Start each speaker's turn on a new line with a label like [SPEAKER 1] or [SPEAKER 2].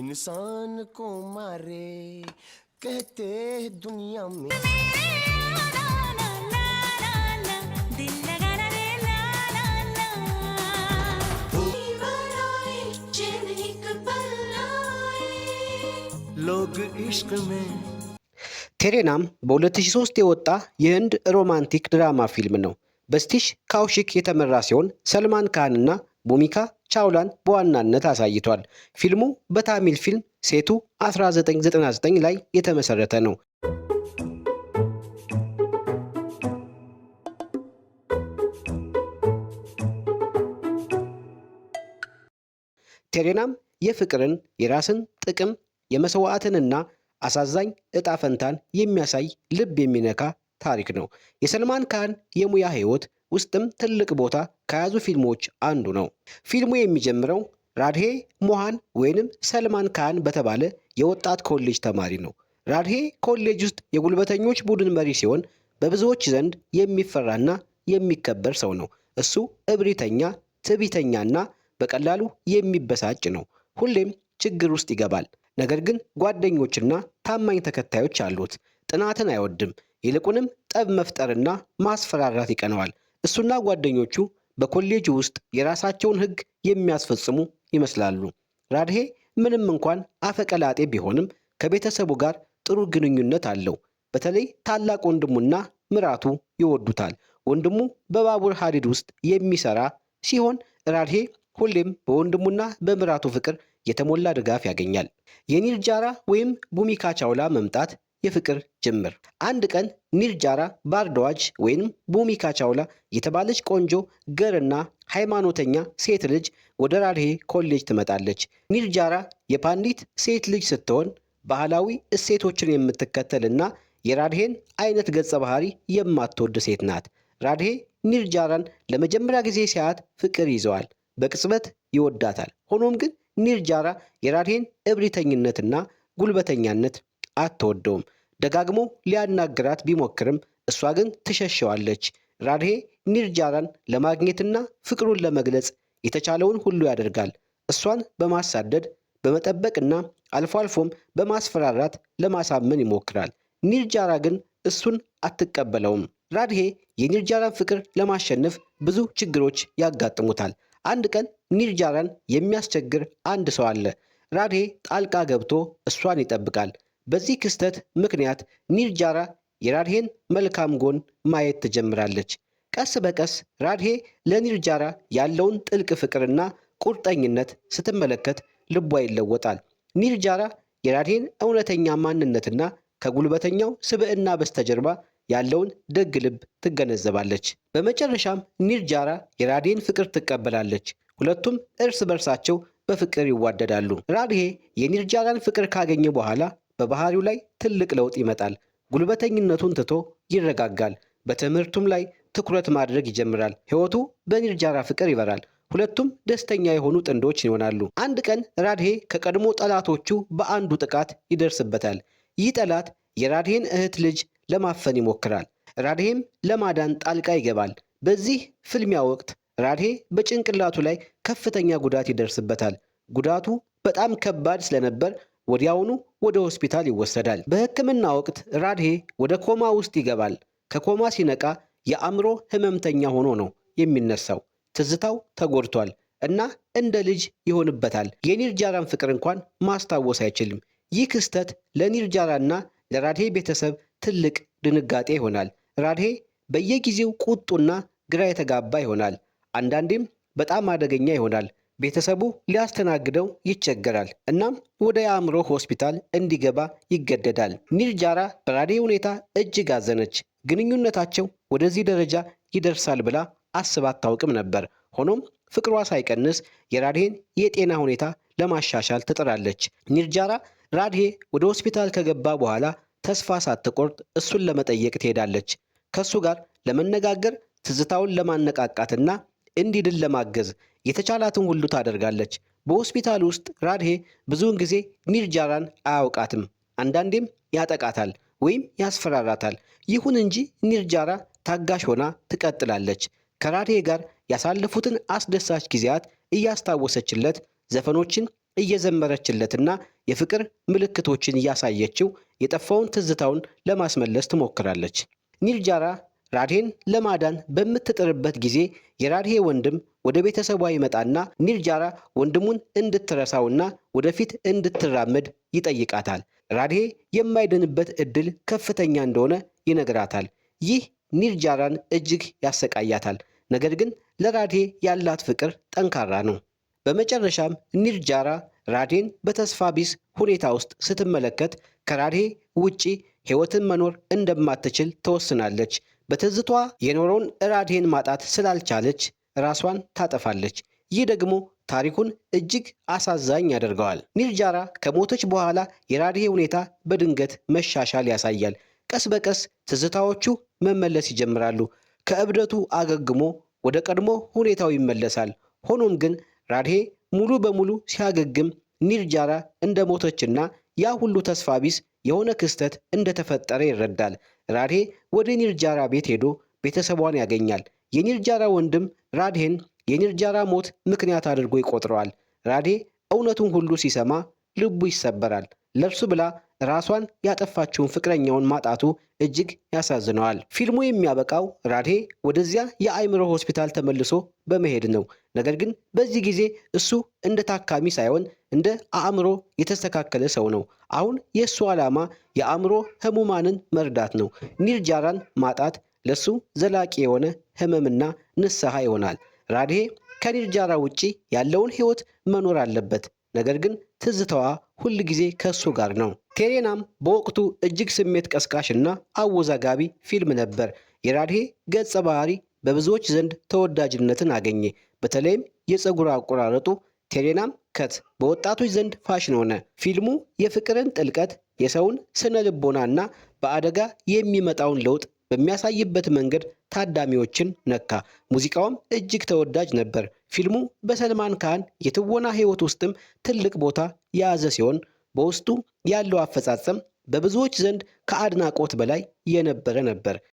[SPEAKER 1] इंसान को मारे कहते दुनिया में ቴሬ ናም በ2003 የወጣ የህንድ ሮማንቲክ ድራማ ፊልም ነው። በስቲሽ ካውሺክ የተመራ ሲሆን ሰልማን ካህንና ቦሚካ ቻውላን በዋናነት አሳይቷል። ፊልሙ በታሚል ፊልም ሴቱ 1999 ላይ የተመሰረተ ነው። ቴሬናም የፍቅርን፣ የራስን ጥቅም፣ የመስዋዕትንና አሳዛኝ እጣ ፈንታን የሚያሳይ ልብ የሚነካ ታሪክ ነው። የሰልማን ካህን የሙያ ሕይወት ውስጥም ትልቅ ቦታ ከያዙ ፊልሞች አንዱ ነው። ፊልሙ የሚጀምረው ራድሄ ሞሃን ወይንም ሰልማን ካን በተባለ የወጣት ኮሌጅ ተማሪ ነው። ራድሄ ኮሌጅ ውስጥ የጉልበተኞች ቡድን መሪ ሲሆን በብዙዎች ዘንድ የሚፈራና የሚከበር ሰው ነው። እሱ እብሪተኛ፣ ትዕቢተኛና በቀላሉ የሚበሳጭ ነው። ሁሌም ችግር ውስጥ ይገባል። ነገር ግን ጓደኞችና ታማኝ ተከታዮች አሉት። ጥናትን አይወድም። ይልቁንም ጠብ መፍጠርና ማስፈራራት ይቀነዋል። እሱና ጓደኞቹ በኮሌጅ ውስጥ የራሳቸውን ህግ የሚያስፈጽሙ ይመስላሉ። ራድሄ ምንም እንኳን አፈቀላጤ ቢሆንም ከቤተሰቡ ጋር ጥሩ ግንኙነት አለው። በተለይ ታላቅ ወንድሙና ምራቱ ይወዱታል። ወንድሙ በባቡር ሐዲድ ውስጥ የሚሰራ ሲሆን ራድሄ ሁሌም በወንድሙና በምራቱ ፍቅር የተሞላ ድጋፍ ያገኛል። የኒርጃራ ወይም ቡሚካ ቻውላ መምጣት የፍቅር ጅምር። አንድ ቀን ኒርጃራ ባርደዋጅ ወይም ቡሚካ ቻውላ የተባለች ቆንጆ ገርና ሃይማኖተኛ ሴት ልጅ ወደ ራድሄ ኮሌጅ ትመጣለች። ኒርጃራ የፓንዲት ሴት ልጅ ስትሆን ባህላዊ እሴቶችን የምትከተልና የራድሄን አይነት ገጸ ባህሪ የማትወድ ሴት ናት። ራድሄ ኒርጃራን ለመጀመሪያ ጊዜ ሲያት ፍቅር ይዘዋል። በቅጽበት ይወዳታል። ሆኖም ግን ኒርጃራ የራድሄን እብሪተኝነትና ጉልበተኛነት አትወደውም። ደጋግሞ ሊያናግራት ቢሞክርም እሷ ግን ትሸሸዋለች። ራድሄ ኒርጃራን ለማግኘትና ፍቅሩን ለመግለጽ የተቻለውን ሁሉ ያደርጋል። እሷን በማሳደድ በመጠበቅና አልፎ አልፎም በማስፈራራት ለማሳመን ይሞክራል። ኒርጃራ ግን እሱን አትቀበለውም። ራድሄ የኒርጃራን ፍቅር ለማሸነፍ ብዙ ችግሮች ያጋጥሙታል። አንድ ቀን ኒርጃራን የሚያስቸግር አንድ ሰው አለ። ራድሄ ጣልቃ ገብቶ እሷን ይጠብቃል። በዚህ ክስተት ምክንያት ኒርጃራ የራድሄን መልካም ጎን ማየት ትጀምራለች። ቀስ በቀስ ራድሄ ለኒርጃራ ያለውን ጥልቅ ፍቅርና ቁርጠኝነት ስትመለከት ልቧ ይለወጣል። ኒርጃራ የራድሄን እውነተኛ ማንነትና ከጉልበተኛው ስብዕና በስተጀርባ ያለውን ደግ ልብ ትገነዘባለች። በመጨረሻም ኒርጃራ የራድሄን ፍቅር ትቀበላለች። ሁለቱም እርስ በርሳቸው በፍቅር ይዋደዳሉ። ራድሄ የኒርጃራን ፍቅር ካገኘ በኋላ በባህሪው ላይ ትልቅ ለውጥ ይመጣል። ጉልበተኝነቱን ትቶ ይረጋጋል። በትምህርቱም ላይ ትኩረት ማድረግ ይጀምራል። ሕይወቱ በኒርጃራ ፍቅር ይበራል። ሁለቱም ደስተኛ የሆኑ ጥንዶች ይሆናሉ። አንድ ቀን ራድሄ ከቀድሞ ጠላቶቹ በአንዱ ጥቃት ይደርስበታል። ይህ ጠላት የራድሄን እህት ልጅ ለማፈን ይሞክራል። ራድሄም ለማዳን ጣልቃ ይገባል። በዚህ ፍልሚያ ወቅት ራድሄ በጭንቅላቱ ላይ ከፍተኛ ጉዳት ይደርስበታል። ጉዳቱ በጣም ከባድ ስለነበር ወዲያውኑ ወደ ሆስፒታል ይወሰዳል። በሕክምና ወቅት ራድሄ ወደ ኮማ ውስጥ ይገባል። ከኮማ ሲነቃ የአእምሮ ህመምተኛ ሆኖ ነው የሚነሳው። ትዝታው ተጎድቷል እና እንደ ልጅ ይሆንበታል። የኒርጃራን ፍቅር እንኳን ማስታወስ አይችልም። ይህ ክስተት ለኒርጃራና ለራድሄ ቤተሰብ ትልቅ ድንጋጤ ይሆናል። ራድሄ በየጊዜው ቁጡና ግራ የተጋባ ይሆናል። አንዳንዴም በጣም አደገኛ ይሆናል። ቤተሰቡ ሊያስተናግደው ይቸገራል። እናም ወደ የአእምሮ ሆስፒታል እንዲገባ ይገደዳል። ኒርጃራ በራዴ ሁኔታ እጅግ አዘነች። ግንኙነታቸው ወደዚህ ደረጃ ይደርሳል ብላ አስባ አታውቅም ነበር። ሆኖም ፍቅሯ ሳይቀንስ የራድሄን የጤና ሁኔታ ለማሻሻል ትጥራለች። ኒርጃራ ራድሄ ወደ ሆስፒታል ከገባ በኋላ ተስፋ ሳትቆርጥ እሱን ለመጠየቅ ትሄዳለች። ከእሱ ጋር ለመነጋገር ትዝታውን ለማነቃቃትና እንዲድን ለማገዝ የተቻላትን ሁሉ ታደርጋለች። በሆስፒታል ውስጥ ራድሄ ብዙውን ጊዜ ኒርጃራን አያውቃትም። አንዳንዴም ያጠቃታል ወይም ያስፈራራታል። ይሁን እንጂ ኒርጃራ ታጋሽ ሆና ትቀጥላለች። ከራድሄ ጋር ያሳለፉትን አስደሳች ጊዜያት እያስታወሰችለት ዘፈኖችን እየዘመረችለትና የፍቅር ምልክቶችን እያሳየችው የጠፋውን ትዝታውን ለማስመለስ ትሞክራለች። ኒርጃራ ራድሄን ለማዳን በምትጥርበት ጊዜ የራድሄ ወንድም ወደ ቤተሰቧ ይመጣና ኒርጃራ ወንድሙን እንድትረሳውና ወደፊት እንድትራመድ ይጠይቃታል። ራድሄ የማይድንበት እድል ከፍተኛ እንደሆነ ይነግራታል። ይህ ኒርጃራን እጅግ ያሰቃያታል። ነገር ግን ለራድሄ ያላት ፍቅር ጠንካራ ነው። በመጨረሻም ኒርጃራ ራድሄን በተስፋ ቢስ ሁኔታ ውስጥ ስትመለከት ከራድሄ ውጪ ሕይወትን መኖር እንደማትችል ትወስናለች። በትዝቷ የኖረውን ራድሄን ማጣት ስላልቻለች ራሷን ታጠፋለች። ይህ ደግሞ ታሪኩን እጅግ አሳዛኝ ያደርገዋል። ኒርጃራ ከሞተች በኋላ የራድሄ ሁኔታ በድንገት መሻሻል ያሳያል። ቀስ በቀስ ትዝታዎቹ መመለስ ይጀምራሉ። ከእብደቱ አገግሞ ወደ ቀድሞ ሁኔታው ይመለሳል። ሆኖም ግን ራድሄ ሙሉ በሙሉ ሲያገግም ኒርጃራ እንደ ሞተችና ያ ሁሉ ተስፋ ቢስ የሆነ ክስተት እንደተፈጠረ ይረዳል። ራድሄ ወደ ኒርጃራ ቤት ሄዶ ቤተሰቧን ያገኛል። የኒርጃራ ወንድም ራድሄን የኒርጃራ ሞት ምክንያት አድርጎ ይቆጥረዋል። ራዴ እውነቱን ሁሉ ሲሰማ ልቡ ይሰበራል። ለእርሱ ብላ ራሷን ያጠፋችውን ፍቅረኛውን ማጣቱ እጅግ ያሳዝነዋል። ፊልሙ የሚያበቃው ራድሄ ወደዚያ የአእምሮ ሆስፒታል ተመልሶ በመሄድ ነው። ነገር ግን በዚህ ጊዜ እሱ እንደ ታካሚ ሳይሆን እንደ አእምሮ የተስተካከለ ሰው ነው። አሁን የእሱ ዓላማ የአእምሮ ህሙማንን መርዳት ነው። ኒርጃራን ማጣት ለሱ ዘላቂ የሆነ ህመምና ንስሐ ይሆናል። ራድሄ ከኒርጃራ ውጪ ያለውን ህይወት መኖር አለበት። ነገር ግን ትዝታዋ ሁል ጊዜ ከእሱ ጋር ነው። ቴሬናም በወቅቱ እጅግ ስሜት ቀስቃሽ እና አወዛጋቢ ፊልም ነበር። የራድሄ ገጸ ባህሪ በብዙዎች ዘንድ ተወዳጅነትን አገኘ። በተለይም የፀጉር አቆራረጡ ቴሬናም ከት በወጣቶች ዘንድ ፋሽን ሆነ። ፊልሙ የፍቅርን ጥልቀት፣ የሰውን ስነ ልቦና እና በአደጋ የሚመጣውን ለውጥ በሚያሳይበት መንገድ ታዳሚዎችን ነካ። ሙዚቃውም እጅግ ተወዳጅ ነበር። ፊልሙ በሰልማን ካህን የትወና ሕይወት ውስጥም ትልቅ ቦታ የያዘ ሲሆን በውስጡ ያለው አፈጻጸም በብዙዎች ዘንድ ከአድናቆት በላይ የነበረ ነበር።